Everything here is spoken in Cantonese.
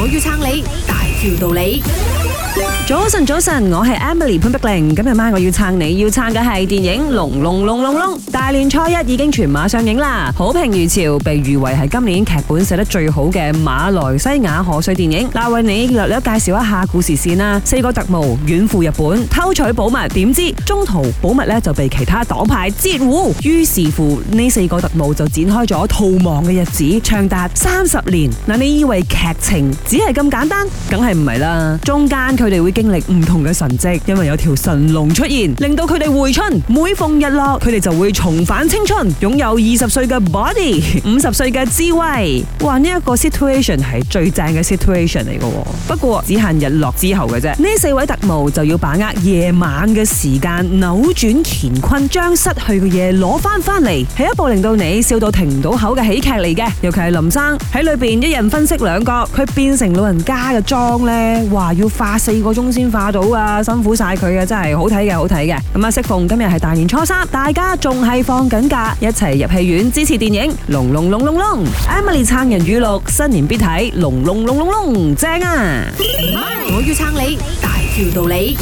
我要撐你。條道理，早晨早晨，我係 Emily 潘碧玲。今日晚我要撐你，要撐嘅係電影《龍龍龍龍龍》，大年初一已經全馬上映啦，好評如潮，被譽為係今年劇本寫得最好嘅馬來西亞賀歲電影。那為你略略介紹一下故事綫啦，四個特務遠赴日本偷取寶物，點知中途寶物呢就被其他黨派截胡，於是乎呢四個特務就展開咗逃亡嘅日子，長達三十年。嗱，你以為劇情只係咁簡單，梗係？係唔係啦？中間佢哋會經歷唔同嘅神蹟，因為有條神龍出現，令到佢哋回春。每逢日落，佢哋就會重返青春，擁有二十歲嘅 body、五十歲嘅智慧。哇！呢一個 situation 係最正嘅 situation 嚟嘅。不過只限日落之後嘅啫。呢四位特務就要把握夜晚嘅時間，扭轉乾坤，將失去嘅嘢攞翻翻嚟，係一部令到你笑到停唔到口嘅喜劇嚟嘅。尤其係林生喺裏邊一人分析兩個，佢變成老人家嘅裝。咧話要化四個鐘先化到啊，辛苦晒佢啊，真係好睇嘅，好睇嘅。咁啊，適逢今日係大年初三，大家仲係放緊假，一齊入戲院支持電影。龍龍龍龍龍，Emily 撐人語錄，新年必睇。龍龍龍龍龍，正啊！我要撐你，大條道理。